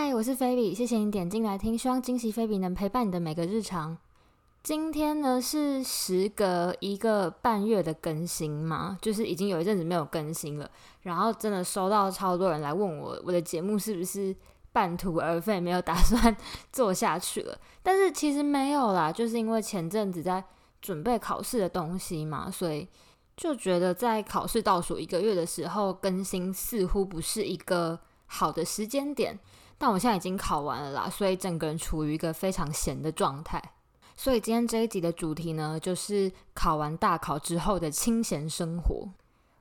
嗨，我是菲比，謝謝你點進來聽，希望今昔菲比能陪伴你的每個日常。今天呢是時隔一個半月的更新嘛，就是已經有一陣子沒有更新了。然後真的收到超多人來問我，我的節目是不是半途而廢，沒有打算做下去了？但是其實沒有啦，就是因為前陣子在準備考試的東西嘛，所以就覺得在考試倒數一個月的時候更新似乎不是一個好的時間點。但我現在已經考完了啦，所以整個人處於一個非常閒的狀態。所以今天這一集的主題呢，就是考完大考之後的清閒生活。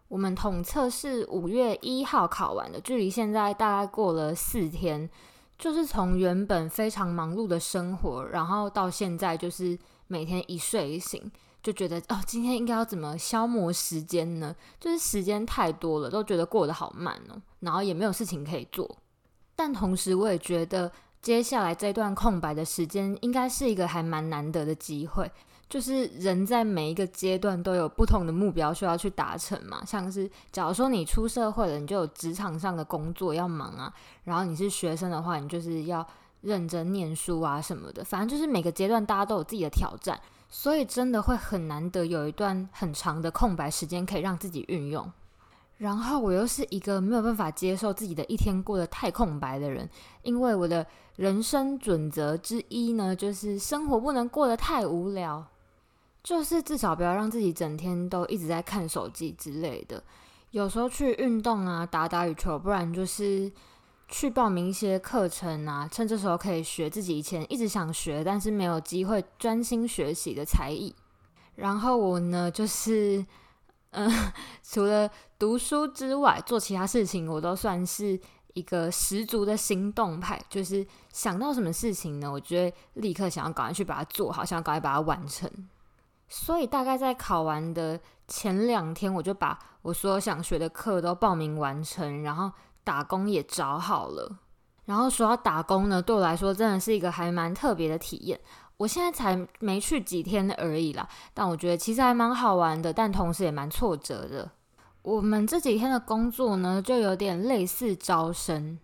我們統測是五月一號考完的，距離現在大概過了四天，就是從原本非常忙碌的生活，然後到現在就是每天一睡一醒，就覺得哦，今天應該要怎麼消磨時間呢？就是時間太多了，都覺得過得好慢哦，然後也沒有事情可以做。但同時，我也覺得接下來這段空白的時間應該是一個還蠻難得的機會。就是人在每一個階段都有不同的目標需要去達成嘛，像是假如說你出社會了，你就有職場上的工作要忙啊；然後你是學生的話，你就是要認真念書啊什麼的。反正就是每個階段大家都有自己的挑戰，所以真的會很難得有一段很長的空白時間可以讓自己運用。然後我又是一個沒有辦法接受自己的一天過得太空白的人，因為我的人生準則之一呢，就是生活不能過得太無聊，就是至少不要讓自己整天都一直在看手機之類的，有時候去運動啊，打打羽毛球，不然就是去報名一些課程啊，趁這時候可以學自己以前一直想學但是沒有機會專心學習的才藝。然後我呢，就是。嗯，除了讀書之外，做其他事情我都算是一個十足的行動派。就是想到什麼事情呢，我就會立刻想要趕快去把它做好，想要趕快把它完成。所以大概在考完的前兩天，我就把我所有想學的課都報名完成，然後打工也找好了。然後說到打工呢，對我來說真的是一個還蠻特別的體驗。我現在才沒去幾天而已啦，但我覺得其實還蠻好玩的，但同時也蠻挫折的。我們這幾天的工作呢，就有點類似招生，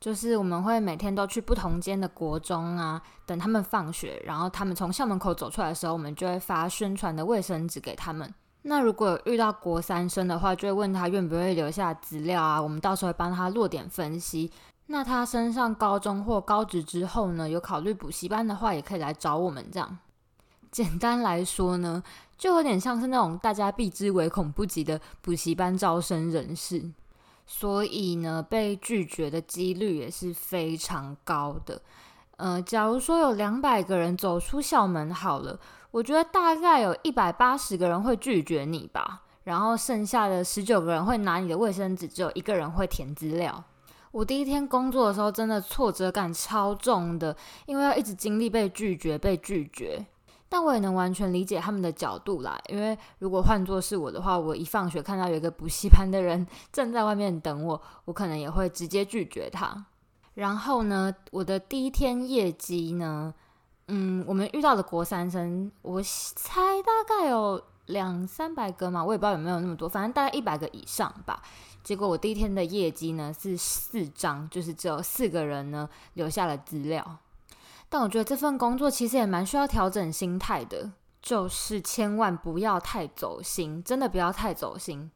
就是我們會每天都去不同間的國中啊，等他們放學，然後他們從校門口走出來的時候，我們就會發宣傳的衛生紙給他們。那如果遇到國三生的話，就會問他願不願意留下資料啊，我們到時候會幫他落點分析。那他升上高中或高職之後呢？有考慮補習班的話，也可以來找我們這樣。簡單來說呢，就有點像是那種大家避之唯恐不及的補習班招生人士，所以呢，被拒絕的幾率也是非常高的。呃，假如說有兩百個人走出校門好了，我覺得大概有一百八十個人會拒絕你吧，然後剩下的十九個人會拿你的衛生紙，只有一個人會填資料。我第一天工作的時候，真的挫折感超重的，因為要一直經歷被拒絕、被拒絕。但我也能完全理解他們的角度啦，因為如果換作是我的話，我一放學看到有一個補習班的人正在外面等我，我可能也會直接拒絕他。然後呢，我的第一天業績呢，嗯，我們遇到的國三生，我猜大概有。兩三百個嘛，我也不知道有沒有那麼多，反正大概一百個以上吧。結果我第一天的業績呢，是四張，就是只有四個人呢留下了資料。但我覺得這份工作其實也蠻需要調整心態的，就是千萬不要太走心，真的不要太走心。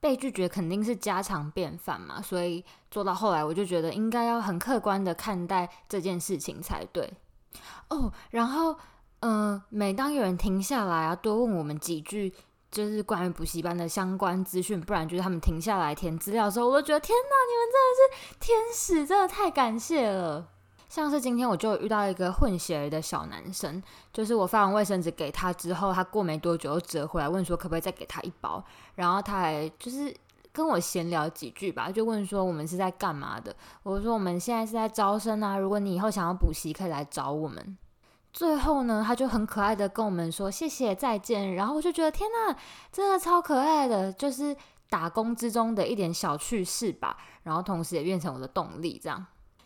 被拒絕肯定是家常便飯嘛，所以做到後來我就覺得應該要很客觀的看待這件事情才對哦。然後。嗯、呃，每當有人停下來啊，多問我們幾句，就是關於補習班的相關資訊，不然就是他們停下來填資料的時候，我都覺得天哪、啊，你們真的是天使，真的太感謝了。像是今天我就遇到一個混血兒的小男生，就是我發完衛生紙給他之後，他過沒多久又折回來問說可不可以再給他一包，然後他還就是跟我閒聊幾句吧，就問說我們是在幹嘛的，我說我們現在是在招生啊，如果你以後想要補習，可以來找我們。最後呢，他就很可愛的跟我們說謝謝再見，然後我就覺得天吶，真的超可愛的，就是打工之中的一點小趣事吧。然後同時也變成我的動力這樣。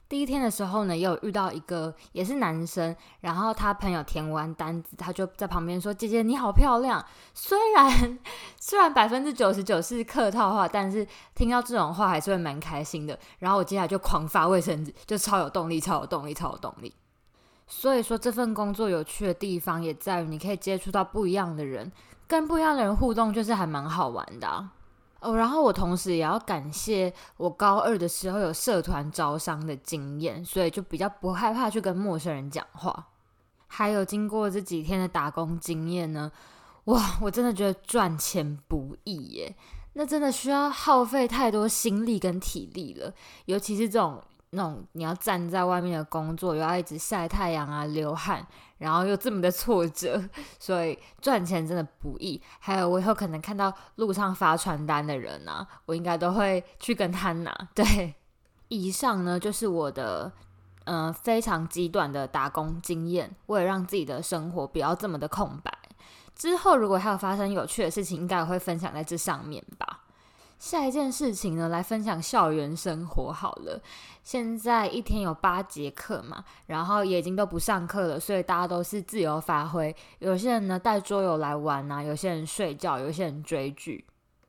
第一天的時候呢，也有遇到一個也是男生，然後他朋友填完單子，他就在旁邊說姐姐你好漂亮。雖然雖然百分之九十九是客套話，但是聽到這種話還是會蠻開心的。然後我接下來就狂發衛生紙，就超有動力，超有動力，超有動力。所以說，這份工作有趣的地方也在於你可以接觸到不一樣的人，跟不一樣的人互動，就是還蠻好玩的啊，哦。然後我同時也要感謝我高二的時候有社團招商的經驗，所以就比較不害怕去跟陌生人講話。還有經過這幾天的打工經驗呢，哇，我真的覺得賺錢不易耶，那真的需要耗費太多心力跟體力了，尤其是這種。那種你要站在外面的工作，又要一直曬太陽啊、流汗，然後又這麼的挫折，所以賺錢真的不易。還有我以後可能看到路上發傳單的人啊，我應該都會去跟他拿。對，以上呢就是我的嗯、呃、非常極端的打工經驗。為了讓自己的生活不要這麼的空白，之後如果還有發生有趣的事情，應該我會分享在這上面吧。下一件事情呢，來分享校園生活好了。現在一天有八節課嘛，然後也已經都不上課了，所以大家都是自由發揮。有些人呢帶桌遊來玩啊，有些人睡覺，有些人追劇。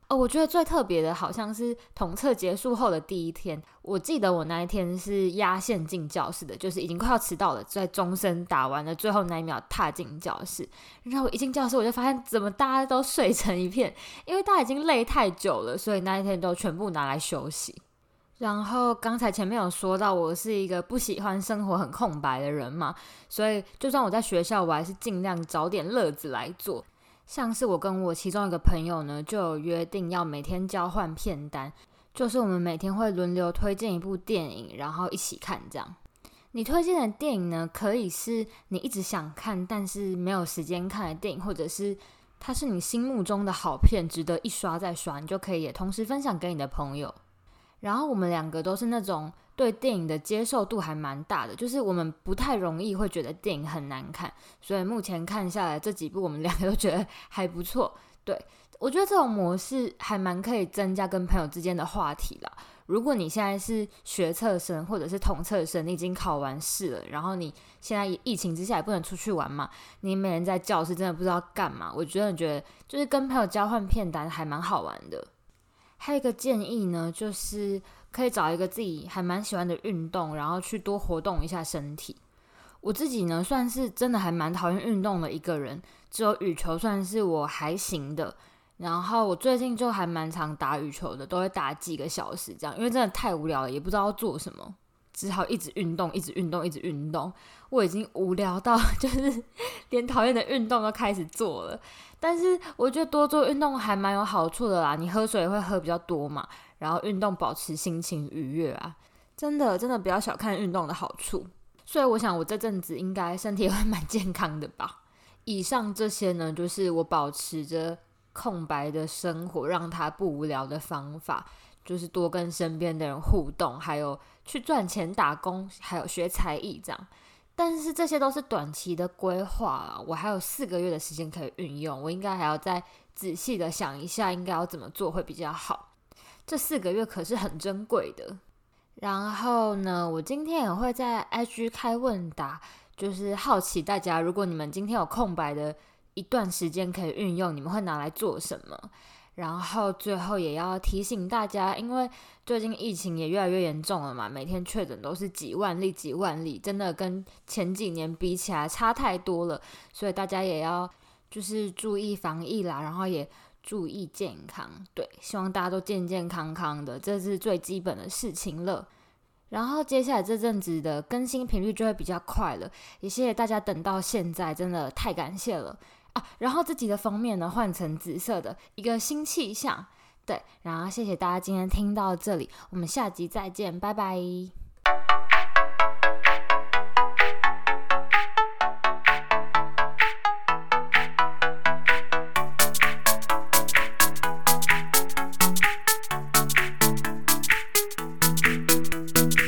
哦，我覺得最特別的好像是統測結束後的第一天，我記得我那一天是壓線進教室的，就是已經快要遲到了，在鐘聲打完了最後那一秒踏進教室，然後我一進教室我就發現怎麼大家都睡成一片，因為大家已經累太久了，所以那一天都全部拿來休息。然後剛才前面有說到，我是一個不喜歡生活很空白的人嘛，所以就算我在學校，我還是盡量找點樂子來做。像是我跟我其中一個朋友呢，就有約定要每天交換片單，就是我們每天會輪流推薦一部電影，然後一起看這樣。你推薦的電影呢，可以是你一直想看但是沒有時間看的電影，或者是它是你心目中的好片，值得一刷再刷，你就可以也同時分享給你的朋友。然後我們兩個都是那種。對電影的接受度還蠻大的，就是我們不太容易會覺得電影很難看，所以目前看下來這幾部，我們兩個都覺得還不錯。對，我覺得這種模式還蠻可以增加跟朋友之間的話題啦。如果你現在是學測生或者是統測生，你已經考完試了，然後你現在疫情之下也不能出去玩嘛，你每天在教室真的不知道幹嘛，我覺得覺得就是跟朋友交換片單還蠻好玩的。還有一個建議呢，就是可以找一個自己還蠻喜歡的運動，然後去多活動一下身體。我自己呢，算是真的還蠻討厭運動的一個人，只有羽球算是我還行的。然後我最近就還蠻常打羽球的，都會打幾個小時這樣，因為真的太無聊了，也不知道做什麼。只好一直運動，一直運動，一直運動。我已經無聊到，就是連討厭的運動都開始做了。但是我覺得多做運動還蠻有好處的啦。你喝水也會喝比較多嘛？然後運動保持心情愉悅啊，真的，真的不要小看運動的好處。所以我想，我這陣子應該身體也會蠻健康的吧。以上這些呢，就是我保持着空白的生活，讓它不無聊的方法。就是多跟身邊的人互動，還有去賺錢打工，還有學才藝這樣。但是這些都是短期的規劃，我還有四個月的時間可以運用，我應該還要再仔細的想一下，應該要怎麼做會比較好。這四個月可是很珍貴的。然後呢，我今天也會在 IG 開問答，就是好奇大家，如果你們今天有空白的一段時間可以運用，你們會拿來做什麼？然後最後也要提醒大家，因為最近疫情也越來越嚴重了嘛，每天確診都是幾萬例幾萬例，真的跟前幾年比起來差太多了，所以大家也要就是注意防疫啦，然後也注意健康，對，希望大家都健健康康的，這是最基本的事情了。然後接下來這陣子的更新頻率就會比較快了，也謝謝大家等到現在，真的太感謝了。啊，然後這集的封面呢換成紫色的，一個新氣象，對，然後謝謝大家今天聽到這裡，我們下集再見，拜拜。